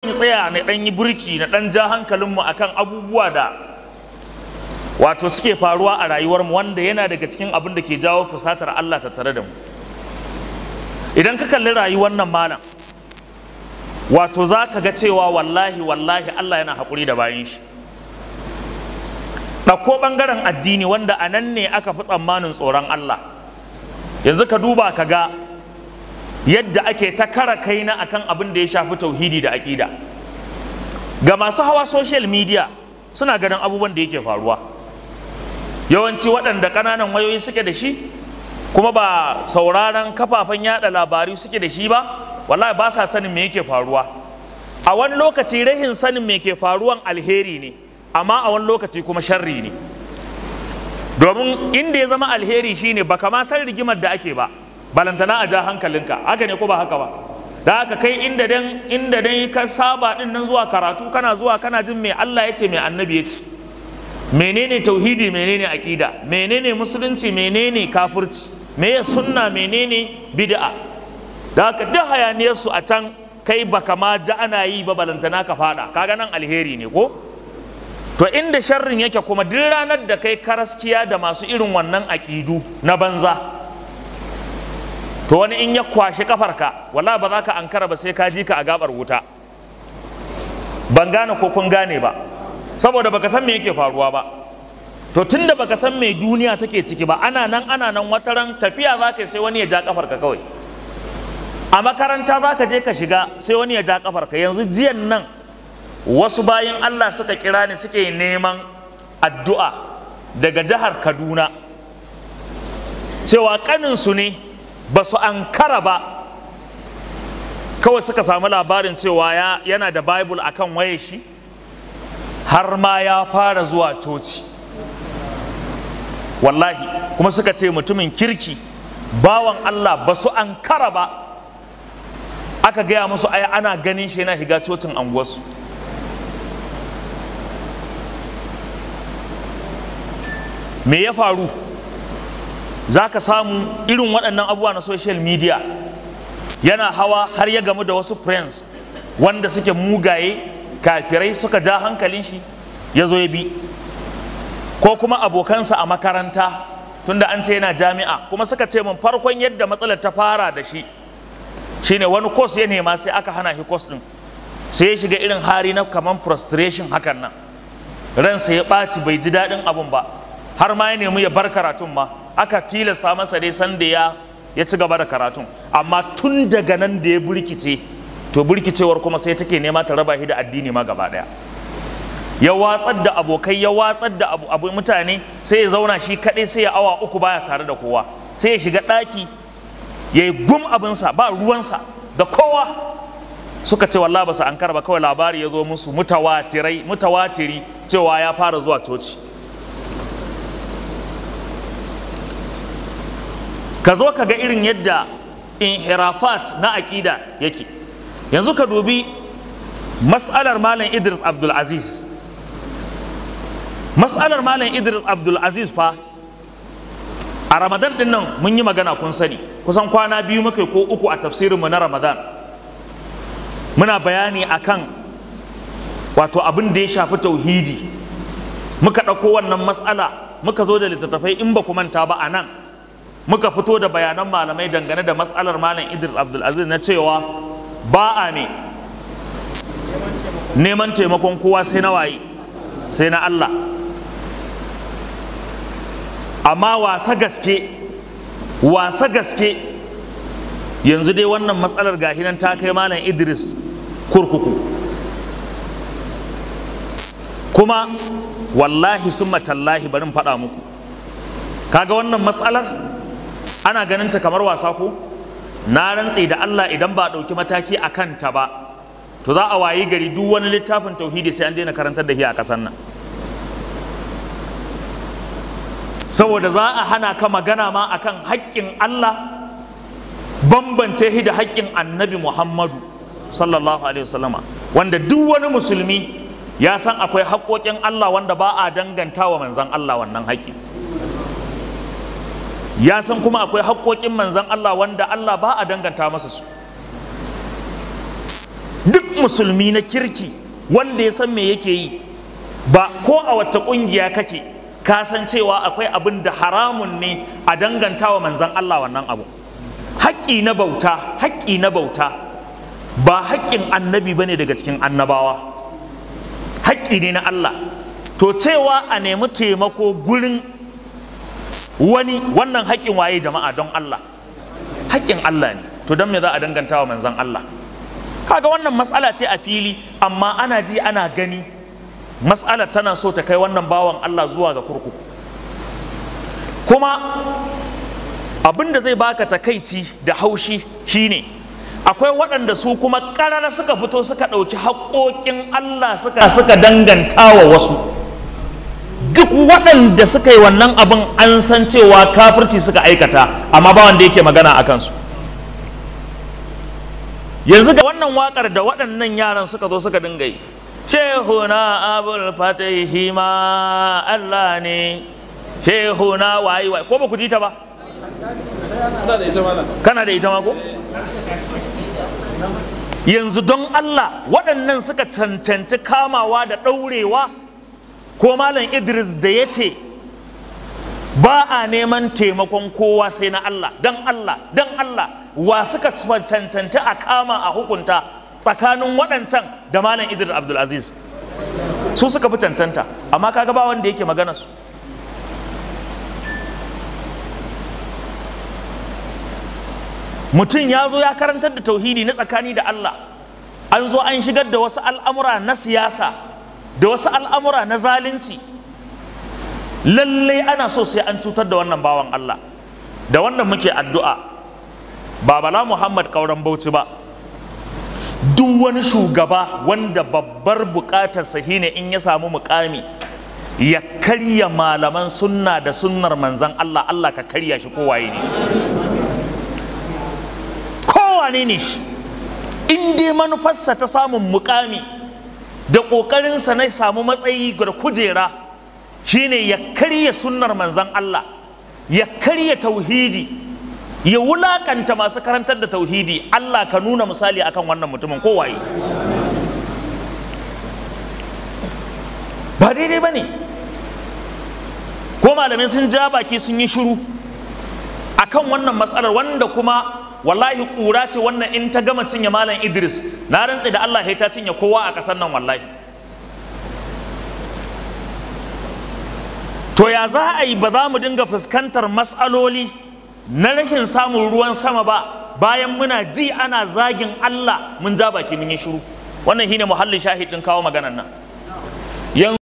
yi tsaya na ɗan yi burki na ɗan ja hankalinmu akan abubuwa da wato suke faruwa a rayuwarmu wanda yana daga cikin abin da ke jawo fusatar Allah tattare da mu idan ka kalli rayuwar nan malam wato za ka ga cewa wallahi wallahi Allah yana haƙuri da bayan shi ɗauko ɓangaren addini wanda a nan ne aka fi tsammanin tsoron Allah yanzu ka duba ka ga yadda ake ta kara kaina akan abin da ya shafi tauhidi da aƙida ga masu hawa social media suna ganin abubuwan da yake faruwa yawanci waɗanda ƙananan wayoyi suke da shi kuma ba sauraron kafafen yada labarai suke da shi ba wallahi ba sa sanin me yake faruwa a wani lokaci rahin sanin me ke faruwan alheri ne amma a wani lokaci kuma sharri ne domin inda ya zama alheri shine baka ma san rigimar da ake ba balantana a ja hankalinka haka ne ko ba haka ba da haka kai inda dan inda dan ka saba din nan zuwa karatu kana zuwa kana jin me Allah ya ce me annabi ya ce menene tauhidi menene aqida menene musulunci menene kafirci me sunna menene bid'a da haka duk hayaniyar su a can kai baka ma ji ana yi ba balantana ka fada kaga nan alheri ne ko to inda sharrin yake kuma duk ranar da kai karaskiya da masu irin wannan aqidu na banza to wani in ya kwashe kafarka wala ba za ka ankara ba sai ka ji ka a gabar wuta ban gane ko kun gane ba saboda baka san me yake faruwa ba to tunda baka san me duniya take ciki ba ana nan ana nan wata ran tafiya za ka sai wani ya ja kafarka kawai a makaranta za ka je ka shiga sai wani ya ja kafarka yanzu jiyan nan wasu bayan Allah suka kira ni suke neman addu'a daga jihar Kaduna cewa kaninsu ne ba su ankara ba kawai suka samu labarin cewa yana da bible akan waye shi har ma ya fara zuwa coci wallahi kuma suka ce mutumin kirki bawan Allah ba su ankara ba aka gaya musu ai ana ganin shi yana higa cocin anguwarsu me ya faru za ka samu irin waɗannan abubuwa na social media yana hawa har ya gamu da wasu friends wanda suke mugaye kafirai suka ja hankalin shi ya zo ya bi ko kuma abokansa a makaranta tunda an ce yana jami'a kuma suka ce min farkon yadda matsalar ta fara da shi shine wani kos ya nema sai aka hana shi kos din sai ya shiga irin hari na kamar frustration hakan nan ransa ya ɓaci bai ji daɗin abun ba har ma ya nemi ya bar karatun ma aka tilasta masa dai sanda ya ya ci gaba da karatun amma tun daga nan da ya burkice to burkicewar kuma sai take nema ta raba shi da addini ma gaba daya ya watsar da abokai ya watsar da abu mutane sai ya zauna shi kaɗai sai ya awa uku baya tare da kowa sai ya shiga daki ya yi gum abinsa ba ruwansa da kowa suka ce wallahi ba su an ba kawai labari ya zo musu mutawatiri cewa ya fara zuwa coci ka zo ka ga irin yadda inhirafat na aƙida yake yanzu ka dubi mas'alar malam idris abdulaziz mas'alar malam idris abdulaziz fa a ramadan din nan mun yi magana kun sani kusan kwana biyu muka ko uku a tafsirinmu na ramadan muna bayani akan wato abin da ya shafi tauhidi muka ɗauko wannan mas'ala muka zo da littattafai in ba ku manta ba a nan muka fito da bayanan malamai dangane da matsalar malam idris abdulaziz na cewa ba a ne neman taimakon kowa sai na waye sai na allah amma wasa gaske wasa gaske yanzu dai wannan matsalar gahinan ta kai malam idris kurkuku kuma wallahi sun matallahi bari faɗa muku kaga wannan matsalar ana ganin ta kamar wasa ko na rantse da Allah idan ba a ɗauki mataki a kanta ba to za a wayi gari duk wani littafin tauhidi sai an daina karantar da shi a ƙasar nan saboda za a hana ka magana ma akan haƙƙin Allah bambance shi da haƙƙin annabi Muhammadu sallallahu alaihi wasallama wanda duk wani musulmi ya san akwai haƙoƙin Allah wanda ba a danganta wa manzon Allah wannan haƙƙi ya san kuma akwai haƙoƙin manzan Allah wanda Allah ba a danganta masa su duk musulmi na kirki wanda ya san me yake yi ba ko a wacce ƙungiya kake ka san cewa akwai abin da haramun ne a danganta wa manzan Allah wannan abu haƙƙi na bauta haƙƙi na bauta ba haƙƙin annabi bane daga cikin annabawa haƙƙi ne na Allah to cewa a nemi taimako gurin wani wannan haƙƙin waye jama'a don Allah haƙƙin Allah ne to don me za a danganta wa manzon Allah kaga wannan matsala ce a fili amma ana ji ana gani matsala tana so ta kai wannan bawan Allah zuwa ga kurkuku kuma abin da zai baka takaici da haushi shine akwai waɗanda su kuma ƙarara suka fito suka ɗauki haƙoƙin Allah suka suka danganta wa wasu duk waɗanda suka yi wannan abin an san cewa kafirci suka aikata amma ba wanda yake magana a kansu yanzu ga wannan wakar da waɗannan yaran suka zo suka dinga yi shehuna abul fatihi ma Allah ne shehuna wayi wayi ko ba ji ta ba kana da ita ma ko yanzu don Allah waɗannan suka cancanci kamawa da ɗaurewa ko malam idris da ya ce ba a neman taimakon kowa sai na allah dan allah dan allah wa suka cancanta a kama a hukunta tsakanin waɗancan da malam idris abdulaziz su suka fi cancanta amma kaga ba wanda yake magana su mutum ya zo ya karantar da tauhidi na tsakani da allah an zo an shigar da wasu al'amura na siyasa da wasu al'amura na zalunci lallai ana so sai an cutar da wannan bawan Allah da wannan muke addu'a ba bala Muhammad kauran bauchi ba duk wani shugaba wanda babbar bukatar sahi ne in ya samu mukami ya karya malaman sunna da sunnar manzan Allah Allah ka karya shi kowaye ne kowane ne shi in dai manufarsa ta samun muƙami. da ƙoƙarinsa na samu matsayi da kujera shine ya karya sunnar manzan Allah ya karya tauhidi ya wulakanta masu karantar da tauhidi Allah ka nuna misali akan wannan mutumin kowaye ba daidai ba ne ko malamai sun ja baki sun yi shiru akan wannan matsalar wanda kuma wallahi kura ce wannan in ta gama cinye malam Idris na rantse da Allah ya ta cinye kowa a ƙasar nan wallahi to ya za a yi ba za mu dinga fuskantar matsaloli na rashin samun ruwan sama ba bayan muna ji ana zagin Allah mun ja baki mun yi shiru wannan shine muhallin shahid din kawo maganar nan